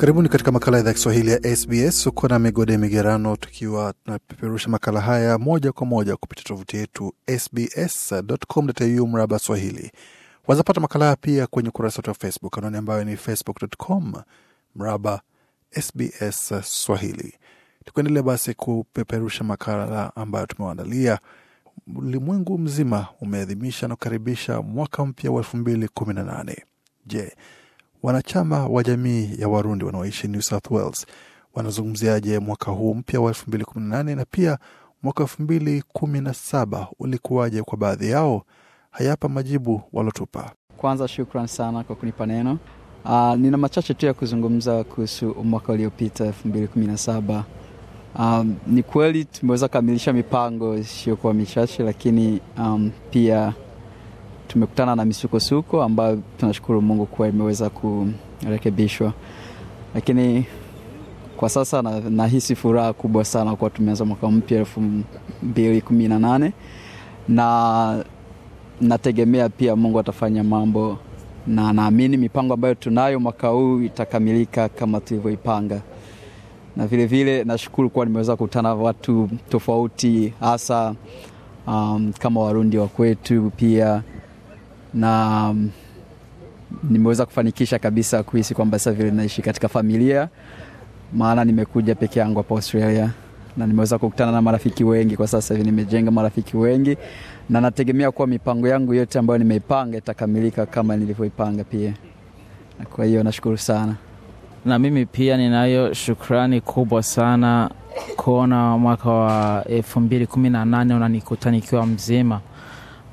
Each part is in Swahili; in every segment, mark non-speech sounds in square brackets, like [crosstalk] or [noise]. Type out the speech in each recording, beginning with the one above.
Karibuni katika makala ya idhaa ya Kiswahili ya SBS. Uko na Migode Migerano, tukiwa tunapeperusha makala haya moja kwa moja kupitia tovuti yetu sbs.com.au mraba Swahili. Wazapata makala haya pia kwenye ukurasa wetu wa Facebook, anwani ambayo ni facebook.com mraba SBS Swahili. Tukuendelea basi kupeperusha makala ambayo tumewaandalia. Ulimwengu mzima umeadhimisha na kukaribisha mwaka mpya wa elfu mbili kumi na nane. Je, Wanachama wa jamii ya Warundi wanaoishi New South Wales wanazungumziaje mwaka huu mpya wa 2018 na pia mwaka 2017 ulikuwaje kwa baadhi yao? Hayapa majibu walotupa. Kwanza, shukran sana kwa kunipa neno. Uh, nina machache tu ya kuzungumza kuhusu mwaka uliopita 2017. Um, ni kweli tumeweza kukamilisha mipango isiyokuwa michache, lakini um, pia tumekutana na misukosuko ambayo tunashukuru Mungu kuwa imeweza kurekebishwa, lakini kwa sasa nahisi na furaha kubwa sana kuwa tumeanza mwaka mpya elfu mbili kumi na nane na nategemea pia Mungu atafanya mambo na naamini mipango ambayo tunayo mwaka huu itakamilika kama tulivyoipanga, na vilevile nashukuru kuwa nimeweza kukutana watu tofauti, hasa um, kama Warundi wa kwetu pia na mm, nimeweza kufanikisha kabisa kuhisi kwamba sasa vile naishi katika familia, maana nimekuja peke yangu hapa Australia na nimeweza kukutana na marafiki wengi. Kwa sasa hivi nimejenga marafiki wengi, na nategemea kuwa mipango yangu yote ambayo nimeipanga itakamilika kama nilivyoipanga pia. Kwa hiyo nashukuru sana, na mimi pia ninayo shukrani kubwa sana kuona mwaka wa elfu mbili kumi na nane unanikutanikiwa mzima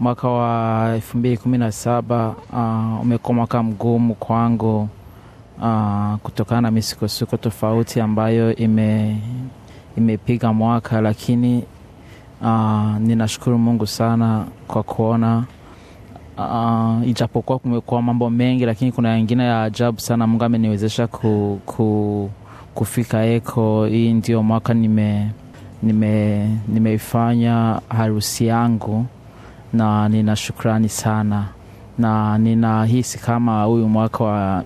mwaka wa elfu mbili kumi na saba uh, umekuwa mwaka mgumu kwangu uh, kutokana na misukosuko tofauti ambayo ime imepiga mwaka, lakini uh, ninashukuru Mungu sana kwa kuona uh, ijapokuwa kumekuwa mambo mengi, lakini kuna yengine ya ajabu sana Mungu ameniwezesha ku, ku, kufika eko. Hii ndio mwaka nimeifanya nime, nime harusi yangu na nina shukrani sana na ninahisi kama huyu mwaka wa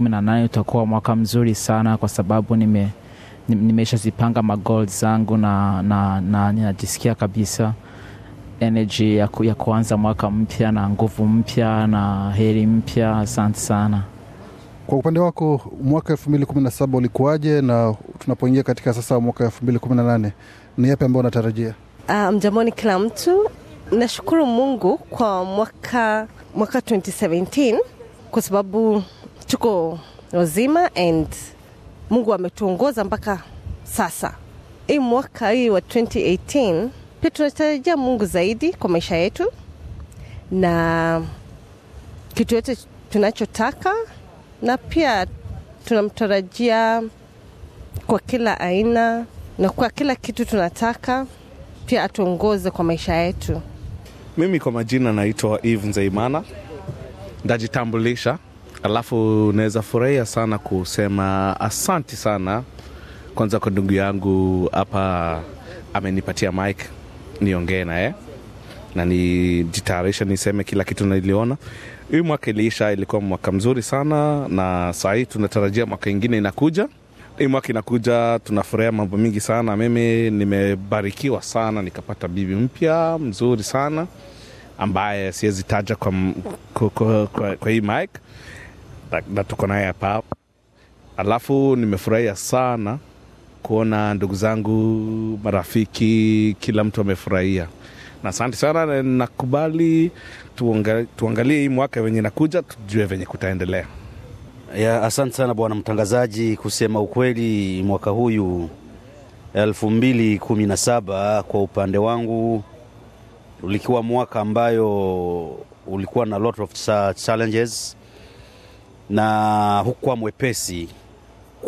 nane utakuwa mwaka mzuri sana kwa sababu nime nimeshazipanga magol zangu na, na, na ninajisikia kabisa energy ya, ku, ya kuanza mwaka mpya na nguvu mpya na heri mpya. Asante sana. Kwa upande wako mwaka saba ulikuwaje, na tunapoingia katika sasa mwaka nane ni yapi ambayo unatarajia? mjamoni ah, mjamoni kila mtu Nashukuru Mungu kwa mwaka mwaka 2017 kwa sababu tuko wazima and Mungu ametuongoza mpaka sasa. Hii mwaka hii wa 2018 pia tunatarajia Mungu zaidi kwa maisha yetu na kitu yote tunachotaka, na pia tunamtarajia kwa kila aina na kwa kila kitu tunataka, pia atuongoze kwa maisha yetu. Mimi kwa majina naitwa Eve Nzeimana, ndajitambulisha, alafu naweza furahia sana kusema asanti sana kwanza kwa ndugu yangu hapa amenipatia mic niongee naye na nijitayarisha niseme kila kitu niliona. Hii mwaka iliisha, ilikuwa mwaka mzuri sana, na sahii tunatarajia mwaka ingine inakuja hii mwaka inakuja, tunafurahia mambo mingi sana. Mimi nimebarikiwa sana, nikapata bibi mpya mzuri sana ambaye siwezi taja kwa, kwa, kwa, kwa, kwa hii mic na tuko naye hapa Alafu nimefurahia sana kuona ndugu zangu, marafiki, kila mtu amefurahia, na asante sana. Nakubali tuangalie hii mwaka venye inakuja, tujue venye kutaendelea. Ya, asante sana bwana mtangazaji. Kusema ukweli, mwaka huyu elfu mbili kumi na saba kwa upande wangu ulikuwa mwaka ambayo ulikuwa na lot of challenges na hukuwa mwepesi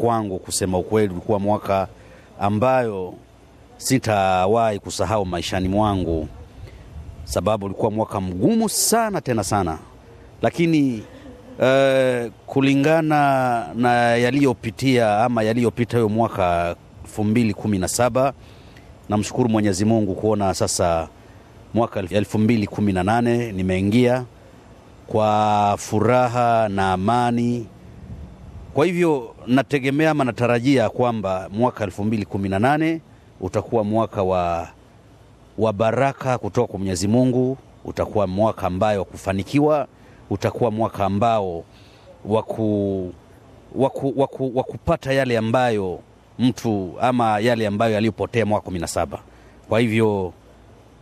kwangu. Kusema ukweli, ulikuwa mwaka ambayo sitawahi kusahau maishani mwangu, sababu ulikuwa mwaka mgumu sana tena sana, lakini Eh, kulingana na yaliyopitia ama yaliyopita huyo mwaka 2017 namshukuru Mwenyezi Mungu kuona sasa mwaka 2018 nimeingia kwa furaha na amani. Kwa hivyo nategemea ama natarajia kwamba mwaka 2018 utakuwa mwaka wa, wa baraka kutoka kwa Mwenyezi Mungu, utakuwa mwaka ambayo wa kufanikiwa utakuwa mwaka ambao waku, waku, waku, wakupata yale ambayo mtu ama yale ambayo yaliyopotea mwaka kumi na saba. Kwa hivyo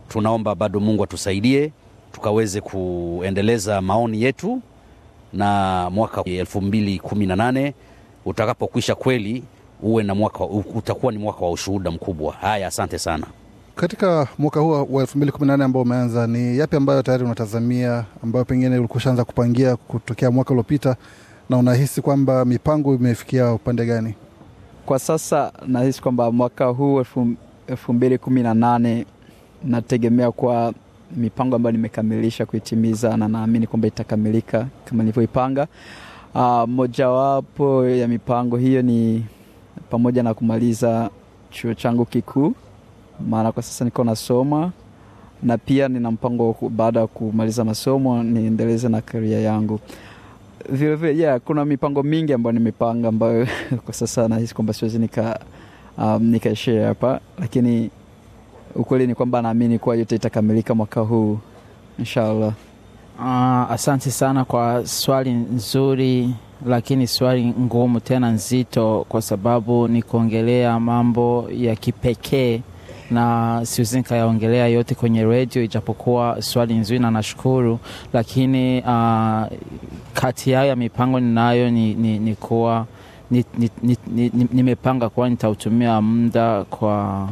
tunaomba bado Mungu atusaidie tukaweze kuendeleza maoni yetu, na mwaka 2018 utakapokwisha kweli uwe na mwaka, utakuwa ni mwaka wa ushuhuda mkubwa. Haya, asante sana. Katika mwaka huu wa elfu mbili kumi na ambao umeanza, ni yapi ambayo tayari unatazamia ambayo pengine ulikushaanza kupangia kutokea mwaka uliopita, na unahisi kwamba mipango imefikia upande gani kwa sasa? Nahisi kwamba mwaka huu elfu mbili kumi na nane nategemea kuwa mipango ambayo nimekamilisha kuitimiza na naamini kwamba itakamilika kama nilivyoipanga. Uh, mojawapo ya mipango hiyo ni pamoja na kumaliza chuo changu kikuu maana kwa sasa niko nasoma na pia nina mpango baada ya kumaliza masomo niendeleze na karia yangu vilevile yeah, kuna mipango mingi ambayo nimepanga ambayo [laughs] kwa sasa nahisi kwamba siwezi nika um, nikaishia hapa, lakini ukweli ni kwamba naamini kuwa yote itakamilika mwaka huu inshallah. Uh, asante sana kwa swali nzuri, lakini swali ngumu tena nzito, kwa sababu ni kuongelea mambo ya kipekee na siwezi nikayaongelea yote kwenye redio, ijapokuwa swali nzuri na nashukuru, lakini uh, kati yayo ya mipango ninayo ni, ni, ni kuwa nimepanga ni, ni, ni kuwa nitautumia muda kwa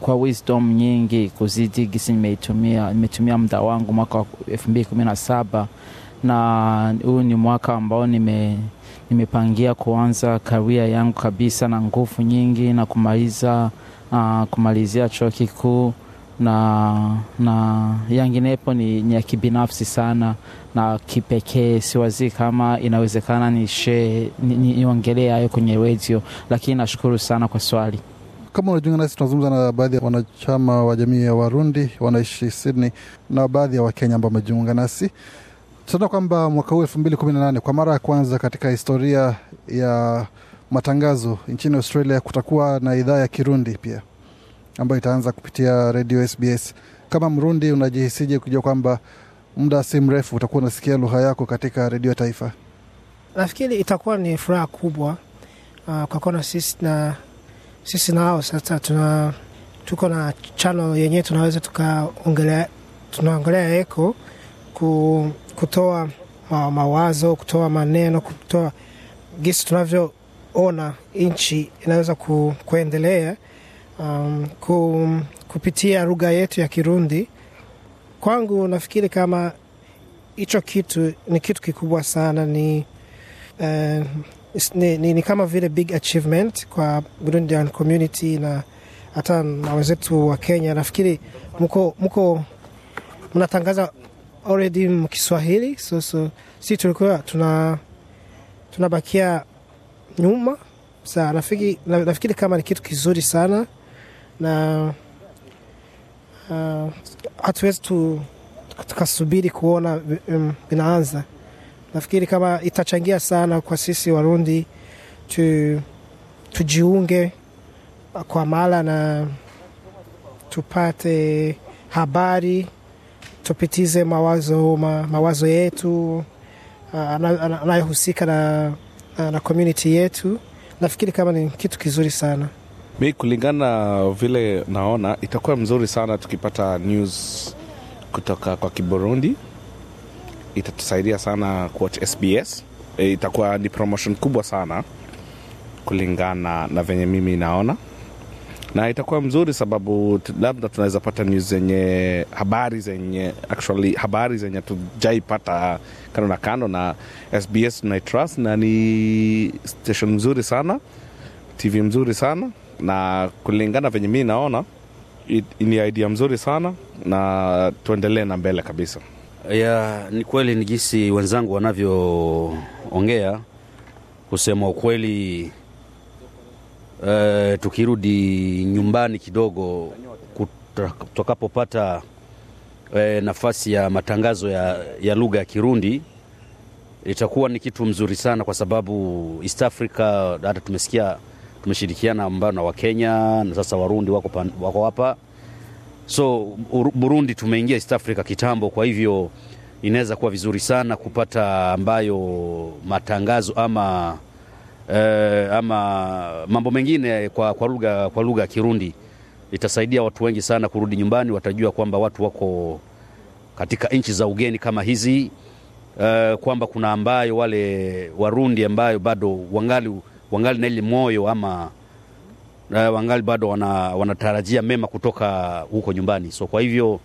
kwa wisdom nyingi kuzidi gisi nimeitumia nimetumia muda wangu mwaka wa elfu mbili kumi na saba na huu ni mwaka ambao nime nimepangia kuanza karia yangu kabisa na nguvu nyingi na kumaliza uh, kumalizia chuo kikuu na, na yanginepo ni, ni ya kibinafsi sana na kipekee. Siwazii kama inawezekana nishe niongelee ni, hayo kwenye redio, lakini nashukuru sana kwa swali. Kama unajiunga nasi, tunazungumza na baadhi ya wanachama wa jamii ya Warundi wanaishi Sydney na baadhi ya Wakenya ambao wamejiunga nasi. Tunaona kwamba mwaka huu elfu mbili kumi na nane kwa mara ya kwanza katika historia ya matangazo nchini Australia, kutakuwa na idhaa ya Kirundi pia ambayo itaanza kupitia redio SBS. Kama Mrundi, unajihisije kujua kwamba muda si mrefu utakuwa unasikia lugha yako katika redio ya taifa? Nafikiri itakuwa ni furaha kubwa uh, kwa kuona sisi na sisi na hao sasa tuna tuko na chano yenyewe tunaweza tukaongelea tunaongelea eko ku, kutoa mawazo kutoa maneno kutoa gisi tunavyo ona nchi inaweza ku, kuendelea um, ku, kupitia lugha yetu ya Kirundi. Kwangu nafikiri kama hicho kitu ni kitu kikubwa sana, ni, uh, ni, ni, ni kama vile big achievement kwa Burundian community na hata na wenzetu wa Kenya. Nafikiri mko, mko mnatangaza already mkiswahili so, so, si tulikuwa tuna tunabakia nyuma saa nafikiri, nafikiri kama ni kitu kizuri sana na uh, hatuwezi tukasubiri kuona um, Nafikiri kama itachangia sana kwa sisi Warundi tu, tujiunge kwa mara na tupate habari, tupitize mawazo, ma, mawazo yetu uh, ah, anayohusika na Uh, na community yetu, nafikiri kama ni kitu kizuri sana. Mi kulingana vile naona, itakuwa mzuri sana tukipata news kutoka kwa Kiburundi, itatusaidia sana kuwatch SBS. Eh, itakuwa ni promotion kubwa sana kulingana na venye mimi naona na itakuwa mzuri, sababu labda tunaweza pata news zenye habari zenye actually habari zenye tujaipata kando na kando, na SBS tunaitrust na ni station mzuri sana, TV mzuri sana, na kulingana venye mi naona ni idea mzuri sana, na tuendelee na mbele kabisa. Ya, ni kweli ni jisi wenzangu wanavyoongea, kusema ukweli e, tukirudi nyumbani kidogo tutakapopata e, nafasi ya matangazo ya, ya lugha ya Kirundi itakuwa ni kitu mzuri sana, kwa sababu East Africa hata tumesikia tumeshirikiana ambao na Wakenya na sasa Warundi wako, pan, wako hapa so Burundi tumeingia East Africa kitambo, kwa hivyo inaweza kuwa vizuri sana kupata ambayo matangazo ama eh, ama mambo mengine kwa, kwa lugha kwa lugha ya Kirundi itasaidia watu wengi sana kurudi nyumbani. Watajua kwamba watu wako katika nchi za ugeni kama hizi eh, kwamba kuna ambayo wale Warundi ambayo bado wangali, wangali na ile moyo ama eh, wangali bado wana, wanatarajia mema kutoka huko nyumbani. So kwa hivyo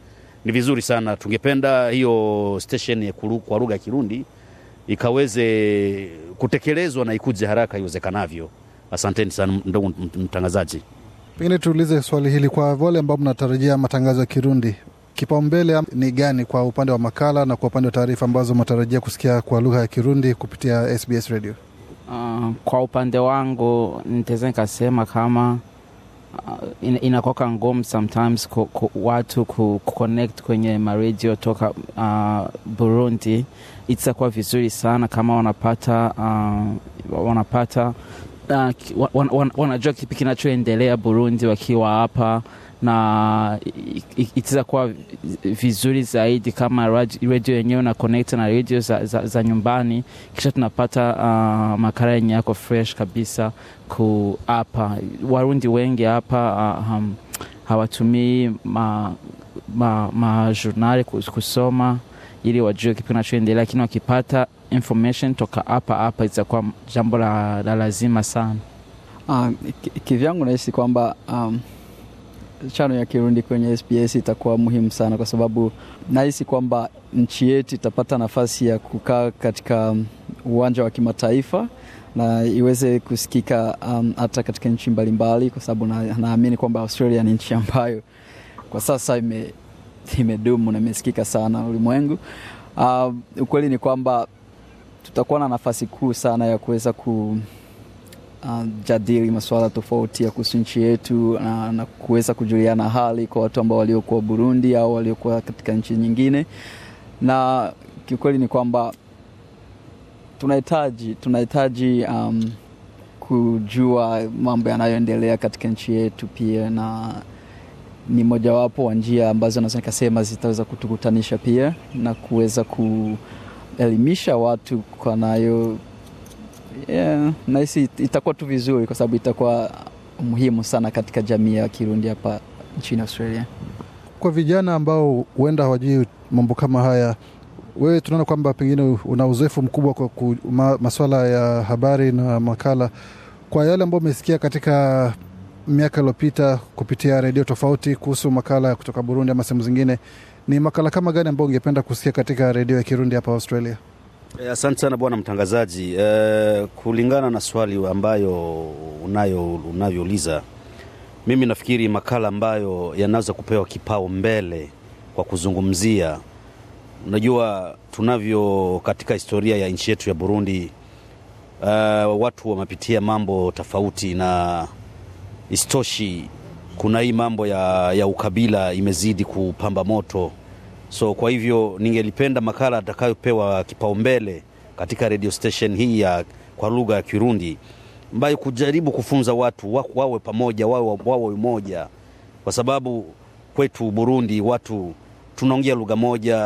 ni vizuri sana, tungependa hiyo station kwa lugha ya Kirundi ikaweze kutekelezwa na ikuje haraka iwezekanavyo. Asanteni sana ndugu mtangazaji. Pengine tuulize swali hili kwa wale ambao mnatarajia matangazo ya Kirundi, kipaumbele ni gani kwa upande wa makala na kwa upande wa taarifa ambazo mnatarajia kusikia kwa lugha ya Kirundi kupitia SBS Radio? Uh, kwa upande wangu nitaweza nikasema kama uh, inakoka ngumu sometimes ku, ku, watu ku kwenye maredio toka uh, Burundi. Itakuwa vizuri sana kama wanapata uh, wanapata uh, wanajua wan, kipi kinachoendelea Burundi wakiwa hapa na itaweza vizuri zaidi kama redio yenyewe na connect na redio za, za, za nyumbani, kisha tunapata uh, ah, makara yenye yako fresh kabisa ku hapa. Warundi wengi hapa uh, um, hawatumii majurnali ma, ma kusoma ili wajue kipi kinachoendelea, lakini wakipata information toka hapa hapa itakuwa jambo la, la lazima sana. Uh, kivyangu nahisi kwamba um chano ya Kirundi kwenye SBS itakuwa muhimu sana, kwa sababu nahisi kwamba nchi yetu itapata nafasi ya kukaa katika um, uwanja wa kimataifa na iweze kusikika um, hata katika nchi mbalimbali, kwa sababu naamini na kwamba Australia ni nchi ambayo kwa sasa ime, imedumu na imesikika sana ulimwengu. Uh, ukweli ni kwamba tutakuwa na nafasi kuu sana ya kuweza ku jadili masuala tofauti ya kuhusu nchi yetu na, na kuweza kujuliana hali kwa watu ambao waliokuwa Burundi au waliokuwa katika nchi nyingine, na kiukweli ni kwamba tunahitaji tunahitaji um, kujua mambo yanayoendelea katika nchi yetu pia, na ni mojawapo wa njia ambazo naweza nikasema zitaweza kutukutanisha pia na kuweza kuelimisha watu kwanayo yeah, nahisi itakuwa tu vizuri kwa sababu itakuwa muhimu sana katika jamii ya Kirundi hapa nchini Australia. Kwa vijana ambao huenda hawajui mambo kama haya, wewe tunaona kwamba pengine una uzoefu mkubwa kwa ma, maswala ya habari na makala. Kwa yale ambayo umesikia katika miaka iliyopita kupitia redio tofauti kuhusu makala kutoka Burundi ama sehemu zingine, ni makala kama gani ambayo ungependa kusikia katika redio ya Kirundi hapa Australia? Eh, asante sana bwana mtangazaji. E, kulingana na swali ambayo unayo unavyouliza, mimi nafikiri makala ambayo yanaweza kupewa kipao mbele kwa kuzungumzia, unajua tunavyo katika historia ya nchi yetu ya Burundi, e, watu wamepitia mambo tofauti, na istoshi kuna hii mambo ya, ya ukabila imezidi kupamba moto So kwa hivyo ningelipenda makala atakayopewa kipaumbele katika radio station hii ya kwa lugha ya Kirundi ambayo kujaribu kufunza watu wawe pamoja wawe, wawe umoja, kwa sababu kwetu Burundi watu tunaongea lugha moja,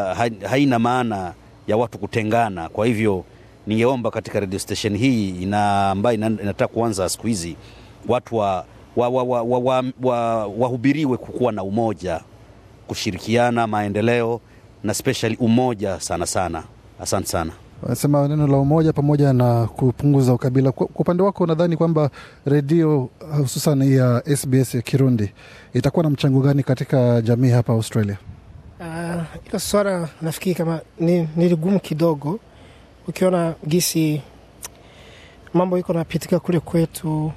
haina maana ya watu kutengana. Kwa hivyo ningeomba katika radio station hii ina ambayo inataka kuanza siku hizi watu wahubiriwe wa, wa, wa, wa, wa, wa kukuwa na umoja kushirikiana, maendeleo na speshali umoja sana sana. Asante sana. Wanasema neno la umoja pamoja na kupunguza ukabila. Kwa upande wako, unadhani kwamba redio hususan ya SBS ya Kirundi itakuwa na mchango gani katika jamii hapa Australia? Ah, hilo uh, swala nafikiri kama ni, ni ligumu kidogo, ukiona gisi mambo iko napitika kule kwetu,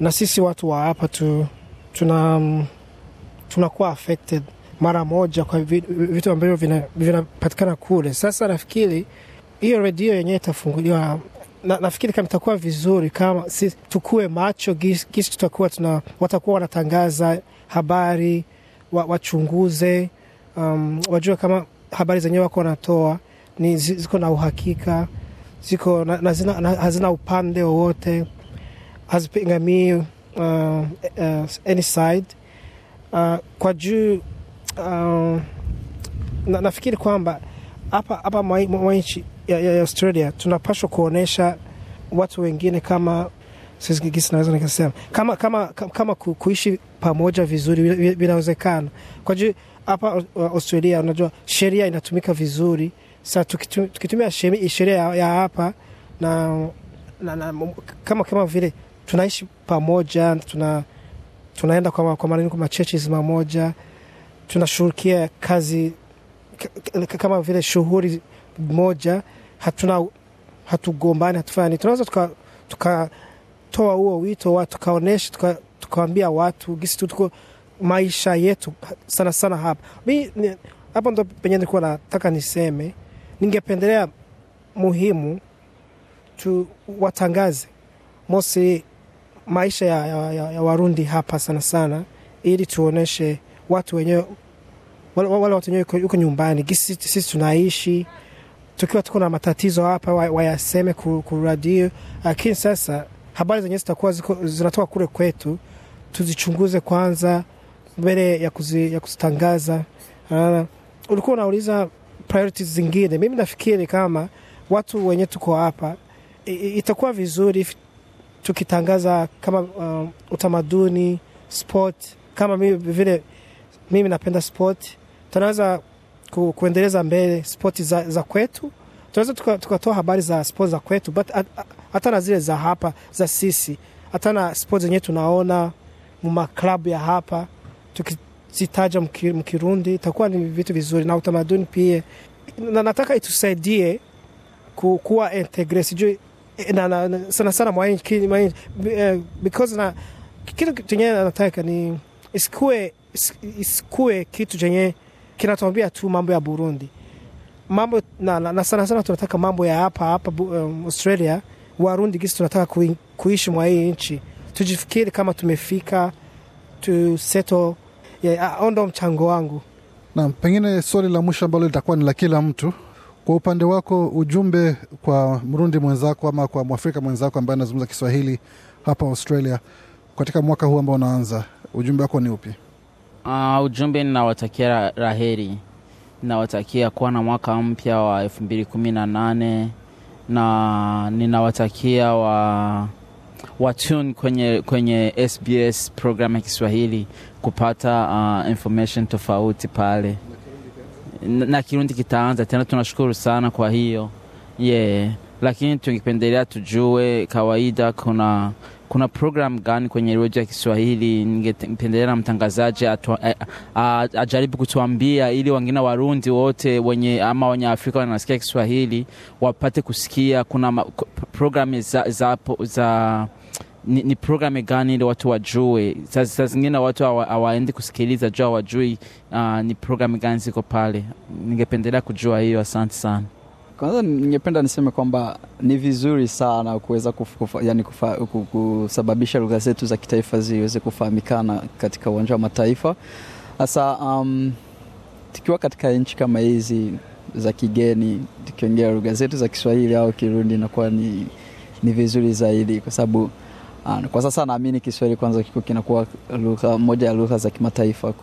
na sisi watu wa hapa tu tuna mm, tunakuwa affected mara moja kwa vitu ambavyo vinapatikana kule. Sasa nafikiri hiyo redio yenyewe itafunguliwa na, nafikiri kama itakuwa vizuri kama si, tukue macho gisi tutakuwa tuna, watakuwa wanatangaza habari wa, wachunguze um, wajue kama habari zenyewe wako wanatoa ni ziko na uhakika ziko na, na zina, na, hazina upande wowote hazipingamii uh, uh, any side uh, kwa juu uh, na, nafikiri kwamba hapa hapa mwa nchi ya, ya Australia tunapashwa kuonyesha watu wengine kama gisi naweza nikasema kama, kama, kama kuishi pamoja vizuri vinawezekana. Kwa juu hapa Australia, unajua sheria inatumika vizuri. Sa tukitumia sheria ya hapa na, na, na, kama, kama vile tunaishi pamoja tuna, tunaenda kwa, kwa malengo machechi mamoja tunashughulikia kazi kama vile shughuli moja, hatuna hatugombani, hatufani. Tunaweza tukatoa tuka huo wito wa tukaonesha tuka, watu gisi tuko maisha yetu sana sana hapa. Mi hapa ndo penye nilikuwa nataka niseme, ningependelea muhimu tu watangaze mosi maisha ya, ya, ya, ya Warundi hapa sana sana, ili tuoneshe watu wenyewe wale, wale watu wenyewe huko nyumbani, gisi sisi tunaishi tukiwa tuko na matatizo hapa wayaseme ku, ku lakini sasa habari zenyewe zitakuwa zinatoka kule kwetu, tuzichunguze kwanza mbele ya, kuzi, ya kuzitangaza. Uh, ulikuwa unauliza priorities zingine. Mimi nafikiri kama watu wenye tuko hapa itakuwa vizuri tukitangaza kama uh, utamaduni sport, kama mii vile mimi napenda spoti, tunaweza ku, kuendeleza mbele spoti za, za kwetu. Tunaweza tukatoa tuka habari za spoti za kwetu, but hata na zile za hapa za sisi, hata na spoti zenyewe tunaona mumaklabu ya hapa tukizitaja mkirundi itakuwa ni vitu vizuri, na utamaduni pia. Na nataka itusaidie kuwa integre, sijui eh, na, na, na, sana sana mwa eh, because na kitu chenyewe nataka ni isikue isikue kitu chenye kinatuambia tu mambo ya Burundi mambo na, na, na sana sana tunataka mambo ya hapa hapa um, Australia Warundi gisi tunataka ku, kuishi mwa hii nchi, tujifikiri kama tumefika tu seto yeah, ondo mchango wangu. na pengine swali la mwisho ambalo litakuwa ni la kila mtu kwa upande wako, ujumbe kwa Mrundi mwenzako ama kwa Mwafrika mwenzako ambaye anazungumza Kiswahili hapa Australia katika mwaka huu ambao unaanza, ujumbe wako ni upi? Uh, ujumbe ninawatakia raheri, ninawatakia kuwa na mwaka mpya wa elfu mbili kumi na nane na ninawatakia wa watune kwenye, kwenye SBS program ya Kiswahili kupata uh, information tofauti pale na, na Kirundi kitaanza tena. Tunashukuru sana kwa hiyo yeah, lakini tungependelea tujue kawaida kuna kuna programu gani kwenye redio ya Kiswahili ningependelea na mtangazaji eh, ajaribu kutuambia, ili wengine Warundi wote wenye ama wenye Afrika wanasikia Kiswahili wapate kusikia? Kuna programu za, za, za ni, ni programu gani ili watu wajue? Saa zingine watu hawaendi kusikiliza juu hawajui uh, ni programu gani ziko pale. Ningependelea kujua hiyo. Asante sana. Kwanza ningependa niseme kwamba ni vizuri sana kuweza yani kusababisha lugha zetu za kitaifa ziweze kufahamikana katika uwanja wa mataifa hasa um, tukiwa katika nchi kama hizi za kigeni, tukiongea lugha zetu za Kiswahili au Kirundi inakuwa ni, ni vizuri zaidi kwa sababu uh, kwa sasa naamini Kiswahili kwanza kiko kinakuwa lugha moja ya lugha za kimataifa,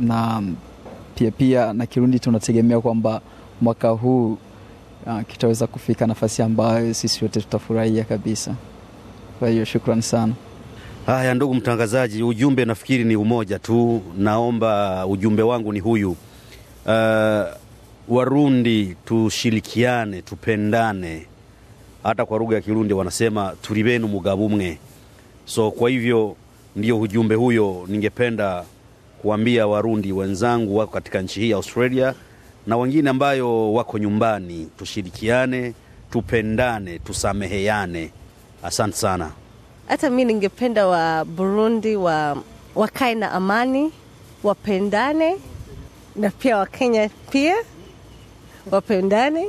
na pia pia na Kirundi tunategemea kwamba mwaka huu uh, kitaweza kufika nafasi ambayo sisi wote tutafurahia kabisa. Kwa hiyo shukrani sana. Haya, ndugu mtangazaji, ujumbe nafikiri ni umoja tu. Naomba ujumbe wangu ni huyu, uh, Warundi tushirikiane, tupendane. Hata kwa lugha ya Kirundi wanasema turi benu mugabo umwe. So kwa hivyo ndio ujumbe huyo ningependa kuambia Warundi wenzangu wako katika nchi hii ya Australia na wengine ambayo wako nyumbani, tushirikiane, tupendane, tusameheane. Asante sana. Hata mi ningependa wa Burundi wa wakae na amani, wapendane, na pia Wakenya pia wapendane,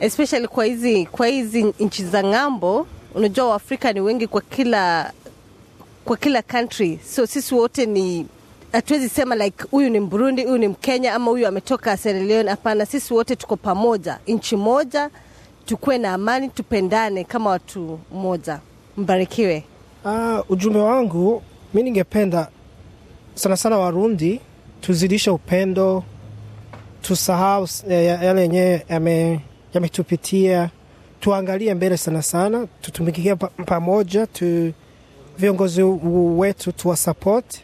especially kwa hizi kwa hizi nchi za ng'ambo. Unajua Waafrika ni wengi kwa kila kwa kila country, so sisi wote ni hatuwezi sema like huyu ni Mburundi, huyu ni Mkenya ama huyu ametoka Sierra Leone. Hapana, sisi wote tuko pamoja, nchi moja, tukuwe na amani, tupendane kama watu moja. Mbarikiwe. Uh, ujumbe wangu mi ningependa sana sana Warundi tuzidishe upendo, tusahau yale yenyewe yametupitia, tuangalie mbele sana sana, tutumikie pamoja, tu viongozi wetu tuwasapoti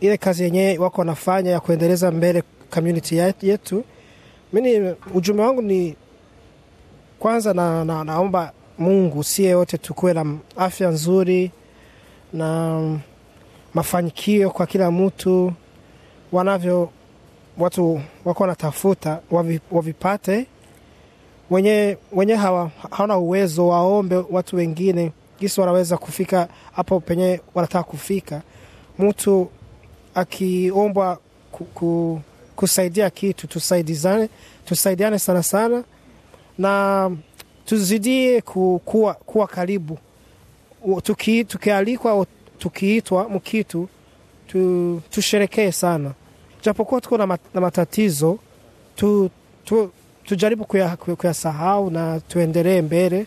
ile kazi yenyewe wako wanafanya ya kuendeleza mbele community yetu. Mimi ujumbe wangu ni kwanza na, na, naomba Mungu sie wote tukuwe na afya nzuri na mafanikio kwa kila mtu, wanavyo watu wako wanatafuta wavipate wenye, wenye hawa, hawana uwezo waombe watu wengine jinsi wanaweza kufika hapo penye wanataka kufika. Mtu akiombwa ku, ku, kusaidia kitu tusaidizane, tusaidiane sana sana na tuzidie kuwa, kuwa karibu tuki, tukialikwa au tukiitwa mkitu tu, tusherekee sana, japokuwa tuko na matatizo tu, tu, tujaribu kuyasahau na tuendelee mbele.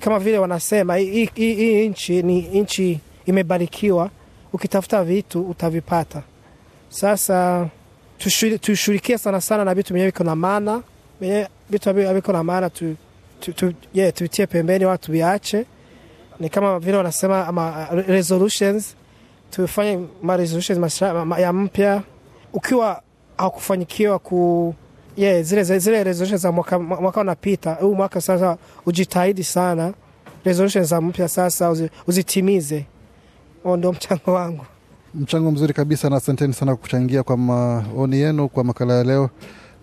Kama vile wanasema hii nchi ni nchi imebarikiwa ukitafuta vitu utavipata. Sasa tushurikie sana sana na vitu venye viko na maana, vyenye vitu viko na maana tu, tu, tu, yeah, tuvitie pembeni wala tuviache. Ni kama vile wanasema ama uh, resolutions, tufanye ma resolutions ya mpya. Ukiwa hakufanyikiwa ku yeah, zile, zile resolutions za mwaka, mwaka unapita huu mwaka sasa, ujitahidi sana resolutions za mpya sasa uzitimize uzi huo ndio mchango wangu. Mchango mzuri kabisa, na asanteni sana kwa kuchangia kwa maoni yenu kwa makala ya leo.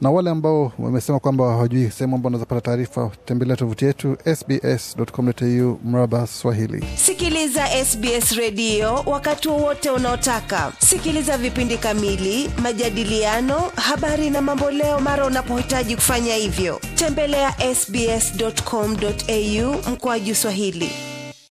Na wale ambao wamesema kwamba hawajui sehemu ambao wanaweza pata taarifa, tembelea tovuti yetu sbs.com.au mraba Swahili. Sikiliza SBS redio wakati wowote unaotaka. Sikiliza vipindi kamili, majadiliano, habari na mamboleo mara unapohitaji kufanya hivyo, tembelea sbs.com.au mkoaji Swahili.